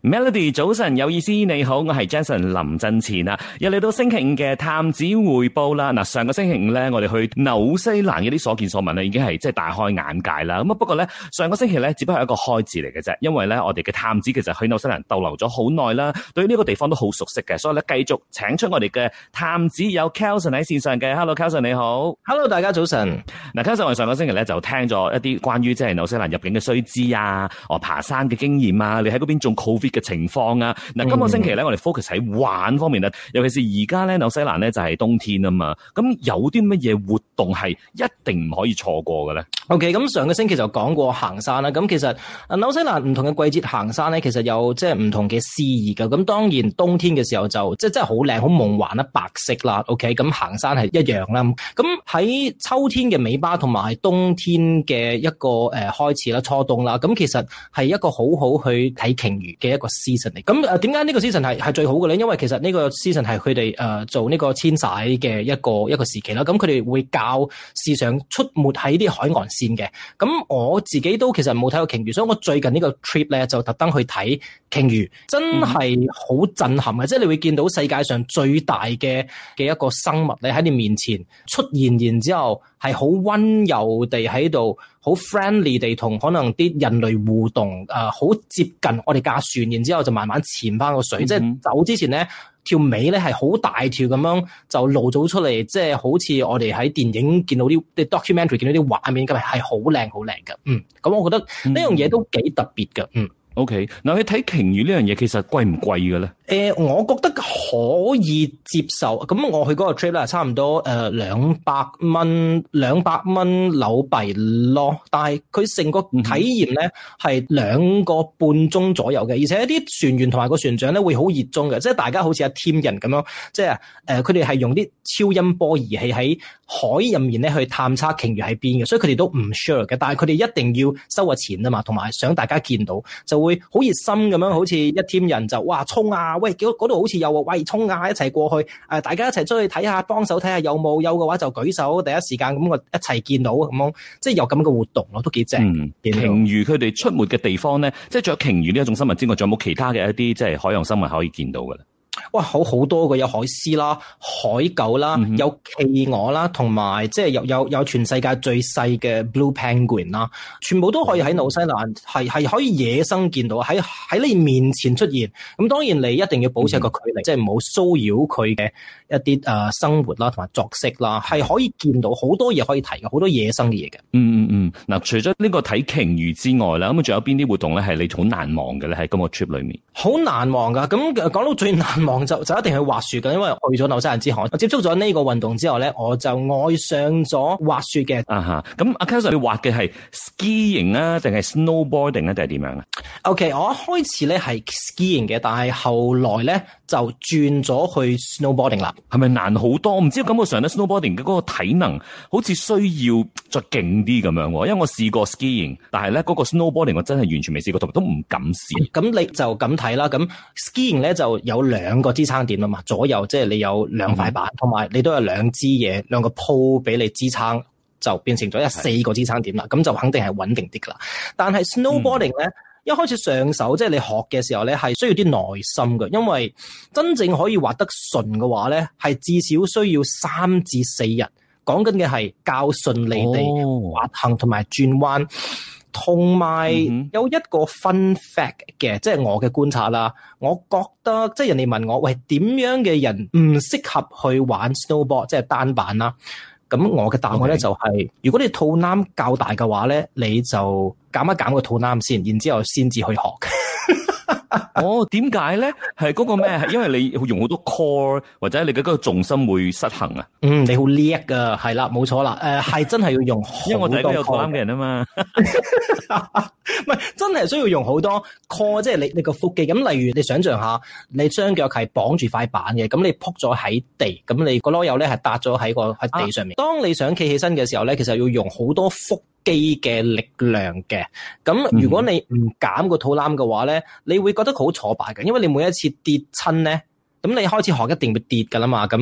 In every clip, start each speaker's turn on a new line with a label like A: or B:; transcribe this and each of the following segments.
A: Melody，早晨，有意思，你好，我係 Jason 林振前啊，又嚟到星期五嘅探子回報啦。嗱，上個星期五咧，我哋去紐西蘭嘅啲所見所聞咧，已經係即係大開眼界啦。咁啊，不過咧，上個星期咧，只不過係一個開字嚟嘅啫，因為咧，我哋嘅探子其實去紐西蘭逗留咗好耐啦，對呢個地方都好熟悉嘅，所以咧，繼續請出我哋嘅探子有 Kelson 喺線上嘅，Hello Kelson 你好，Hello 大家早晨。嗱 Kelson，我上個星期咧就聽咗一啲關於即係紐西蘭入境嘅須知啊，我爬山嘅經驗啊，你喺嗰邊仲 COVID-19, 嘅情況啊，嗱、嗯，今個星期咧，我哋 focus 喺玩方面啦，尤其是而家咧，紐西蘭咧就係、是、
B: 冬天啊嘛，咁有啲乜嘢活動係一定唔可以錯過嘅咧？OK，咁上個星期就講過行山啦，咁其實紐西蘭唔同嘅季節行山咧，其實有即係唔同嘅詩意㗎，咁當然冬天嘅時候就即係真係好靚，好夢幻啦，白色啦，OK，咁行山係一樣啦，咁喺秋天嘅尾巴同埋冬天嘅一個誒開始啦，初冬啦，咁其實係一個好好去睇鯨魚嘅一個 season 嚟，咁點解呢個 season 係係最好嘅咧？因為其實呢個 season 係佢哋誒做呢個遷徙嘅一個一個時期啦。咁佢哋會教視上出沒喺啲海岸線嘅。咁我自己都其實冇睇過鯨魚，所以我最近呢個 trip 咧就特登去睇鯨魚，真係好震撼嘅。嗯、即係你會見到世界上最大嘅嘅一個生物，你喺你面前出現，然之後係好温柔地喺度。好 friendly 地同可能啲人類互動，誒、呃，好接近我哋架船，然之後就慢慢潛翻個水，嗯、即係走之前咧，條尾咧係好大條咁樣就露咗出嚟，即係好似我哋喺電影見到啲，documentary 見到啲畫面咁，係好靚好靚嘅，嗯，咁我覺得呢樣嘢都幾特別嘅，嗯，OK，嗱你睇鯨魚
A: 呢樣嘢其實貴唔貴嘅咧？
B: 誒、呃，我覺得可以接受。咁我去嗰個 trip 咧，差唔多誒兩百蚊，兩百蚊紐幣咯。但係佢成個體驗咧係兩個半鐘左右嘅，而且啲船員同埋個船長咧會好熱衷嘅，即係大家好似一 team 人咁樣，即係誒佢哋係用啲超音波儀器喺海入面咧去探測鯨魚喺邊嘅，所以佢哋都唔 sure 嘅。但係佢哋一定要收下錢啊嘛，同埋想大家見到就會好熱心咁樣，好似一 team 人就哇衝啊！喂，嗰度好似有喎，喂，衝下一齊過去，誒，大家一齊出去睇下，幫手睇下有冇，有嘅話就舉手，第一時間咁個一齊見到，咁樣即係有咁嘅活動咯，都幾正。
A: 嗯，鯨魚佢哋出沒嘅地方咧，即係除咗鯨魚呢一種生物之外，仲有冇其他嘅一啲即係海洋生物可以見到嘅咧？
B: 哇，好好多嘅，有海獅啦、海狗啦、mm hmm. 有企鵝啦，同埋即係有有有全世界最細嘅 blue penguin 啦，全部都可以喺紐西蘭係係可以野生見到，喺喺你面前出現。咁當然你一定要保持一個距離，mm hmm. 即係唔好騷擾佢嘅一啲誒生活啦，同埋作息啦，係可以見到好多嘢可以提嘅，好多野生嘅嘢嘅。
A: 嗯嗯嗯，嗱、hmm.，除咗呢個睇鯨魚之外啦，咁仲有邊啲活動咧係你好難忘嘅咧？喺今個 trip 裏面，
B: 好難忘噶咁講到最難。就就一定去滑雪嘅，因為去咗紐西蘭之海。我接觸咗呢個運動之後咧，我就愛上咗滑雪嘅。啊哈、uh，咁、huh. 嗯、阿 Karl 你滑嘅係
A: skiing 啊，定係 snowboarding 啊，定係點樣啊
B: ？OK，我一開始咧係 skiing 嘅，但係後來咧就轉咗去 snowboarding 啦。係咪難好
A: 多？我唔知感覺上咧 snowboarding 嘅嗰個體能好似需要再勁啲咁樣。因為我
B: 試過 skiing，但係咧嗰個 snowboarding 我真係完全未試過，同埋都唔敢試。咁、嗯、你就咁睇啦。咁 skiing 咧就有兩。兩個支撐點啊嘛，左右即係你有兩塊板，同埋、嗯、你都有兩支嘢，兩個鋪俾你支撐，就變成咗一四個支撐點啦。咁是的 就肯定係穩定啲噶啦。但係 snowboarding 咧，嗯、一開始上手即係你學嘅時候咧，係需要啲耐心嘅，因為真正可以滑得順嘅話咧，係至少需要三至四日。講緊嘅係較順利地滑行同埋轉彎。同埋有一個 fun fact 嘅，即係我嘅觀察啦。我覺得即係人哋問我，喂，點樣嘅人唔適合去玩 snowboard，即係單板啦。咁我嘅答案咧就係、是，Okay. 如果你肚腩較大嘅話咧，你就減一減個肚腩先，然之後先至去學。
A: 哦，點解咧？係嗰個咩？係因為你用好多 core，或者你嘅嗰個重心會失
B: 衡啊。嗯，你好叻啊，係啦，冇錯啦，誒、呃，係真係要用好多 core，因為我睇到有咁嘅人啊嘛。唔 係， 真係需要用好多 core，即係你你個腹肌。咁例如你想象下，你雙腳係綁住塊板嘅，咁你撲咗喺地，咁你個囉柚咧係搭咗喺個喺地上面。啊、當你想企起身嘅時候咧，其實要用好多腹。基嘅力量嘅，咁、嗯、如果你唔減個肚腩嘅話咧，你會覺得好挫敗嘅，因為你每一次跌親咧，咁你開始學一定會跌噶啦嘛，咁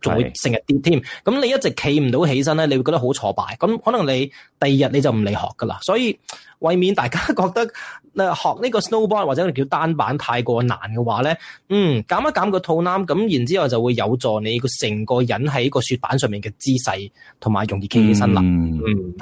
B: 仲會成日跌添，咁你一直企唔到起身咧，你會覺得好挫敗，咁可能你第二日你就唔理學噶啦，所以。為免大家覺得學呢個 snowboard 或者我哋叫單板太過難嘅話咧，嗯，減一減個肚腩，咁然之後，後就會有助你成個人喺個雪板上面嘅姿勢，同埋容易企起身啦。嗯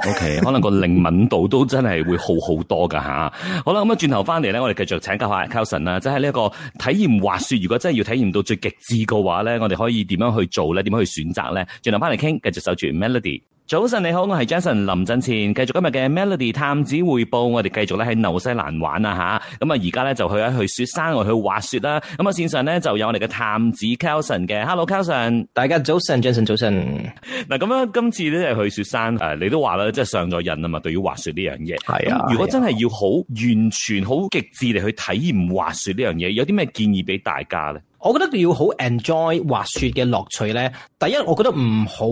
B: ，OK，
A: 可能個靈敏度都真係會好多、啊、 好多噶吓，好啦，咁啊轉頭翻嚟咧，我哋繼續請教下 Carlson 啦，即係呢一個體驗滑雪，如果真係要體驗到最極致嘅話咧，我哋可以點樣去做咧？點樣去選擇咧？轉頭翻嚟傾，繼續守住 Melody。早晨你好，我係 Jason 林振前，繼續今日嘅 Melody 探子匯報，我哋繼續咧喺紐西蘭玩啊吓，咁啊而家咧就去一去雪山，去滑雪啦，咁啊線上咧就有我哋嘅探子 Carlson 嘅 Hello Carlson，大家早晨，Jason 早晨，嗱咁啊，今次咧係去雪山，誒，你都話啦，即係上咗癮啊嘛，對於滑雪呢樣嘢，係啊，如果真係要好、啊、完全好極致嚟去體驗滑雪呢樣
B: 嘢，有啲咩建議俾大家咧？我覺得要好 enjoy 滑雪嘅樂趣咧，第一我覺得唔好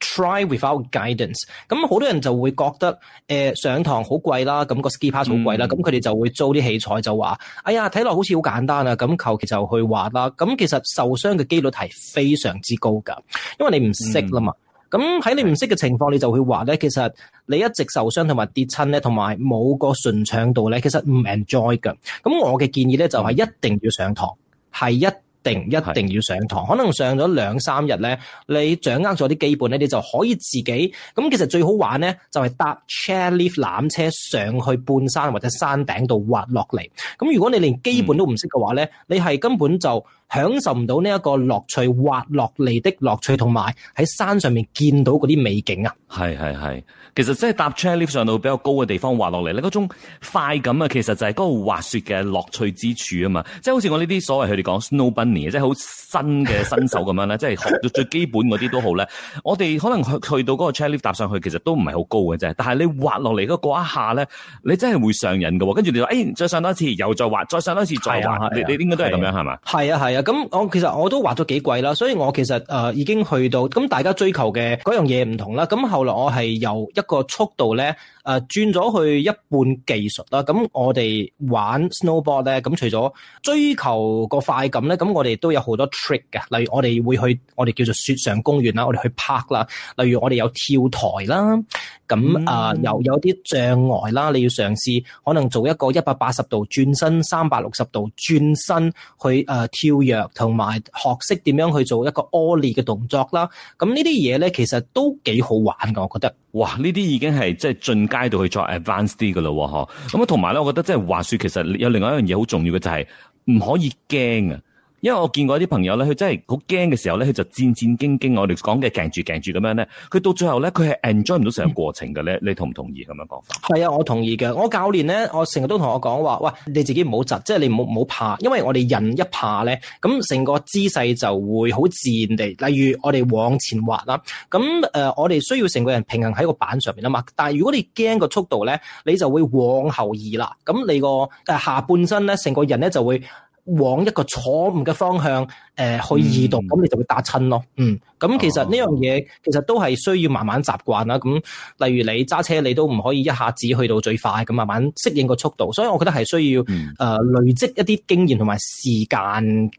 B: try without guidance。咁好多人就會覺得誒、呃、上堂好貴啦，咁、個 ski pass 好貴啦，咁佢哋就會租啲器材就話：哎呀，睇落好似好簡單啊！咁求其就去滑啦。咁其實受傷嘅機率係非常之高㗎，因為你唔識啦嘛。咁喺、嗯、你唔識嘅情況，你就會話咧，其實你一直受傷同埋跌親咧，同埋冇個順暢度咧，其實唔 enjoy 㗎。咁我嘅建議咧，就係、係、一定要上堂、嗯。係一定一定要上堂，可能上咗兩三日咧，你掌握咗啲基本咧，你就可以自己。咁其實最好玩咧，就係、是、搭 chairlift 纜車上去半山或者山頂度滑落嚟。咁如果你連基本都唔識嘅話咧，嗯、你係根本就。享受唔到呢一個樂趣滑落嚟的樂趣，同埋喺山上面見到嗰啲美景啊！
A: 係係係，其實即係搭 chairlift 上到比較高嘅地方滑落嚟，你嗰種快感啊，其實就係嗰個滑雪嘅樂趣之處啊嘛！即係好似我呢啲所謂佢哋講 snow bunny，即係好新嘅新手咁樣咧，即係 學到最基本嗰啲都好咧。我哋可能去到嗰個 chairlift 搭上去，其實都唔係好高嘅啫。但係你滑落嚟嗰一下咧，你真係會上癮㗎喎。跟住你話，哎、欸，再上多一次，又再滑，再上多一次，再，再滑，你、啊、你應該都係咁樣係嘛？
B: 係啊係啊！咁我其實我都滑咗幾季啦，所以我其實誒、呃、已經去到，咁大家追求嘅嗰樣嘢唔同啦。咁後來我係由一個速度咧。誒，轉咗去一半技術啦，咁我哋玩 snowboard 咧，咁除咗追求個快感咧，咁我哋都有好多 trick 嘅，例如我哋會去，我哋叫做雪上公園啦，我哋去 park 啦，例如我哋有跳台啦，咁啊，又、嗯呃、有啲障礙啦，你要嘗試可能做一個一百八十度轉身，三百六十度轉身去誒、呃、跳躍，同埋學識點樣去做一個 ollie 嘅動作啦，咁呢啲嘢咧，其實都幾好玩噶，我覺得。哇！呢啲已經係即係進階
A: 度去再 advance 啲嘅咯，嗬。咁啊，同埋咧，我覺得即係滑雪其實有另外一樣嘢好重要嘅就係、是、唔可以驚啊。因為我見過啲朋友咧，佢真係好驚嘅時候咧，佢就戰戰兢兢，我哋講嘅鏡住鏡住咁樣咧，佢到最後咧，佢係 enjoy 唔到成個過程嘅咧。嗯、你同唔同意咁樣
B: 講法？係啊，我同意嘅。我教練咧，我成日都同我講話，喂，你自己唔好窒，即係你唔好唔好怕，因為我哋人一怕咧，咁成個姿勢就會好自然地。例如我哋往前滑啦，咁誒，我哋需要成個人平衡喺個板上邊啊嘛。但係如果你驚個速度咧，你就會往後移啦。咁你個誒下半身咧，成個人咧就會。往一個錯誤嘅方向。誒，去移動咁你就會打親咯，嗯，咁其實呢樣嘢其實都係需要慢慢習慣啦。咁例如你揸車，你都唔可以一下子去到最快，咁慢慢適應個速度。所以我覺得係需要誒、嗯呃、累積一啲經驗同埋時間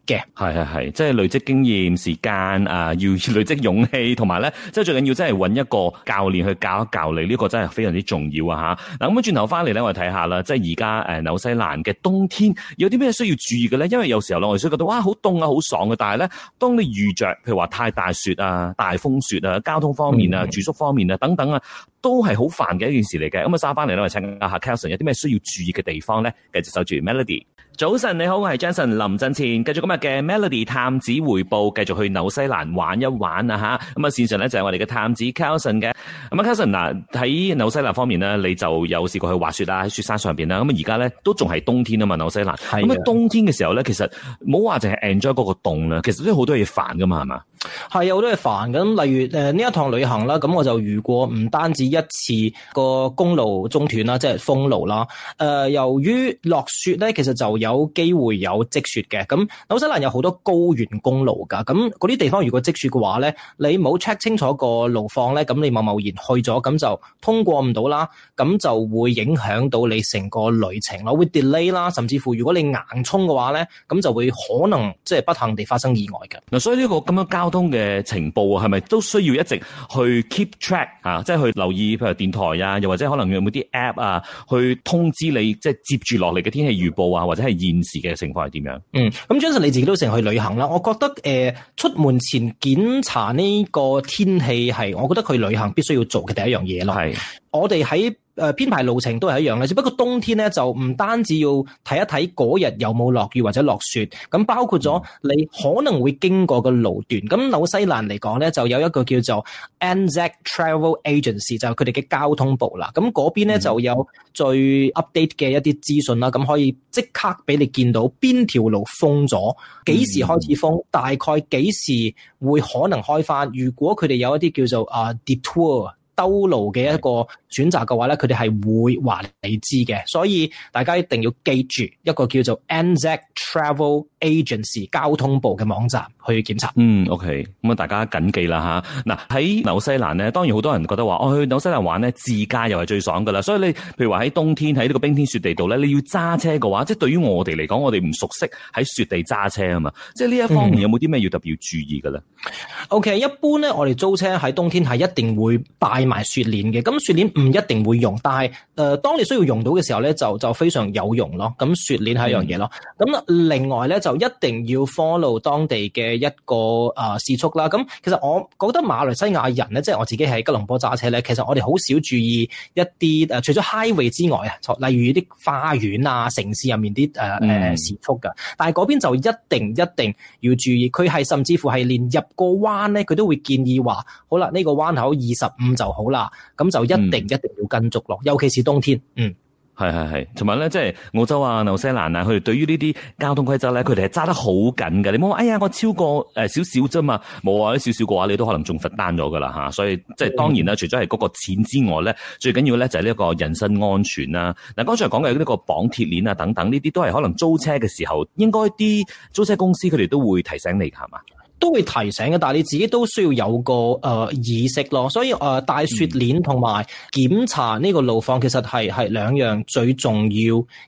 B: 嘅。
A: 係係係，即係累積經驗時間啊，要累積勇氣同埋咧，即係最緊要即係揾一個教練去教一教你呢、呢個真係非常之重要啊嚇。嗱咁轉頭翻嚟咧，我哋睇下啦，即係而家誒紐西蘭嘅冬天有啲咩需要注意嘅咧？因為有時候咧，我哋覺得哇，好凍啊，好爽。但係咧，當你遇着譬如話太大雪啊、大風雪啊、交通方面啊、住宿方面啊等等啊，都係好煩嘅一件事嚟嘅。咁、嗯、啊，收翻嚟咧，我請下 Kelvin 有啲咩需要注意嘅地方咧，繼續守住 Melody。早晨，你好，我係 Jason 林振前，繼續今日嘅 Melody 探子回報，繼續去紐西蘭玩一玩啊吓，咁啊線上咧就係、是、我哋嘅探子 Carlson 嘅，咁啊 Carlson 嗱喺紐西蘭方面咧，你就有試過去滑雪啦，喺雪山上邊啦，咁啊而家咧都仲係冬天啊嘛，紐西蘭，咁是的 啊冬天嘅時候咧，其實唔好話淨係 enjoy 嗰個凍啦，其實都有好多嘢煩噶嘛，係嘛？
B: 係啊，好多嘢煩，咁，例如誒呢、呃、一趟旅行啦，咁、嗯、我就如果唔單止一次個公路中斷啦，即係封路啦，誒、呃呃、由於落雪咧，其實就。有機會有積雪嘅，咁紐西蘭有好多高原公路㗎，咁嗰啲地方如果積雪嘅話咧，你冇 check 清楚個路況咧，咁你貿貿然去咗，咁就通過唔到啦，咁就會影響到你成個旅程啦，會 delay 啦，甚至乎如果你硬衝嘅話咧，咁就會可能即係不幸地發生意外嘅。嗱，所以呢個咁樣交通嘅情報
A: 係咪都需要一直去 keep track 啊？即係去留意，譬如電台啊，又或者可能有冇啲 app 啊，去通知你即係、就是、接住落嚟嘅天氣預報啊，或者係～現時嘅情況係
B: 點樣？嗯，咁張 Sir，你自己都成日去旅行啦，我覺得誒、呃、出門前檢查呢個天氣係，我覺得去旅行必須要做嘅第一樣嘢咯。係是，我哋喺。誒，編、呃、排路程都係一樣嘅，只不過冬天咧就唔單止要睇一睇嗰日有冇落雨或者落雪，咁包括咗你可能會經過嘅路段。咁紐西蘭嚟講咧，就有一個叫做 NZ Travel Agency，就係佢哋嘅交通部啦。咁嗰邊咧就有最 update 嘅一啲資訊啦，咁可以即刻俾你見到邊條路封咗，幾時開始封，大概幾時會可能開翻。如果佢哋有一啲叫做啊 detour 兜路嘅一個。選擇嘅話咧，佢哋係會話你知嘅，所以大家一定要記住一個叫做 NZ Travel Agency 交通部嘅網站
A: 去檢查。嗯，OK，咁啊，大家緊記啦嚇。嗱喺紐西蘭咧，當然好多人覺得話，我、哦、去紐西蘭玩咧，自駕又係最爽噶啦。所以你譬如話喺冬天喺呢個冰天雪地度咧，你要揸車嘅話，即係對於我哋嚟講，我哋唔熟悉喺雪地揸車啊嘛。即係呢一方面有冇啲咩要特別要注意嘅咧、嗯、
B: ？OK，一般咧，我哋租車喺冬天係一定會帶埋雪鏈嘅。咁雪鏈唔一定會用，但係誒、呃，當你需要用到嘅時候咧，就就非常有用咯。咁雪鏈係一樣嘢咯。咁、嗯、另外咧，就一定要 follow 當地嘅一個誒時速啦。咁其實我覺得馬來西亞人咧，即係我自己喺吉隆坡揸車咧，其實我哋好少注意一啲誒、呃、除咗 highway 之外啊，例如啲花園啊、城市入面啲誒誒時速噶。但係嗰邊就一定一定要注意，佢係甚至乎係連入個彎咧，佢都會建議話好啦，呢、這個彎口二十五就好啦。咁就一定。嗯一定要跟足落，尤其是冬天。
A: 嗯，係係係，同埋咧，即係澳洲啊、紐西蘭啊，佢哋對於呢啲交通規則咧，佢哋係揸得好緊噶。你冇話哎呀，我超過誒少少啫嘛，冇啊，少少嘅話，你都可能仲罰單咗噶啦吓。所以即係當然啦，除咗係嗰個錢之外咧，最緊要咧就係呢一個人身安全啦。嗱，剛才講嘅呢個綁鐵鏈啊等等，呢啲都係可能租車嘅時候，應該啲租車公司佢哋都會提醒你噶嘛。
B: 都會提醒嘅，但係你自己都需要有個誒、呃、意識咯。所以誒、呃、戴雪鏈同埋檢查呢個路況，其實係係兩樣最重要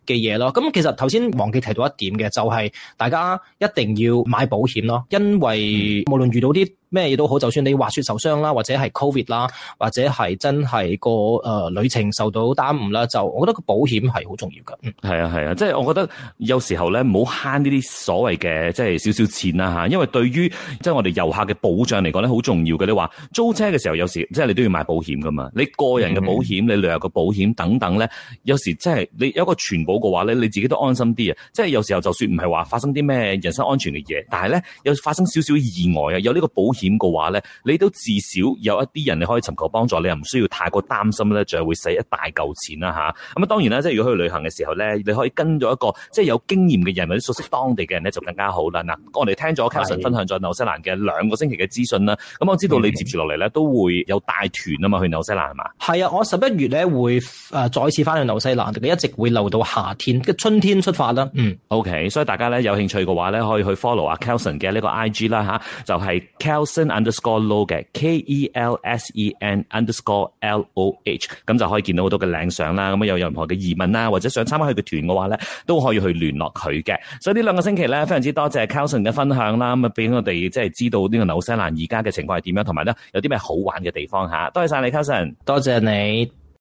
B: 嘅嘢咯。咁其實頭先黃記提到一點嘅，就係、是、大家一定要買保險咯，因為無論遇到啲咩嘢都好，就算你滑雪受傷啦，或者係 COVID 啦，或者係真係個誒旅程受到耽誤啦，就我覺得個保險係好重要噶。係啊係啊，即係、啊就是、我覺得有時候咧，唔好慳
A: 呢啲所謂嘅即係少少錢啦吓，因為對於即係我哋遊客嘅保障嚟講咧，好重要嘅。你話租車嘅時候有時即係、就是、你都要買保險噶嘛，你個人嘅保險，你旅遊嘅保險等等咧，mm hmm. 有時即係、就是、你有個全保嘅話咧，你自己都安心啲啊。即、就、係、是、有時候就算唔係話發生啲咩人身安全嘅嘢，但係咧有發生少少意外啊，有呢個保險。點嘅話咧，你都至少有一啲人你可以尋求幫助，你又唔需要太過擔心咧，就係會使一大嚿錢啦嚇。咁啊、嗯、當然啦，即係如果去旅行嘅時候咧，你可以跟咗一個即係有經驗嘅人或者熟悉當地嘅人咧，就更加好啦嗱、啊。我哋聽咗 c o u 分享咗紐西蘭嘅兩個星期嘅資訊啦，咁是、嗯、我知道你接住落嚟咧都會有帶團啊嘛去紐西蘭係嘛？
B: 係啊，我十一月咧會誒再次翻去紐西蘭，定係、啊、一直會留到夏天嘅春天出發啦。嗯，OK，所以大家咧
A: 有興趣嘅話咧，可以去 follow 啊，c o u 嘅呢個 IG 啦吓，就係 c o u Kelsen_underscore_lo 嘅 K E L S E N_underscore_L O H，咁就可以見到好多嘅靚相啦。咁啊有任何嘅疑問啦，或者想參加佢嘅團嘅話咧，都可以去聯絡佢嘅。所以呢兩個星期咧，非常之多謝 Kelsen 嘅分享啦。咁啊，俾我哋即係知道呢個紐西蘭而家嘅情況係點樣，同埋咧有啲咩好玩嘅地方嚇。多謝曬你 Kelsen，多謝你。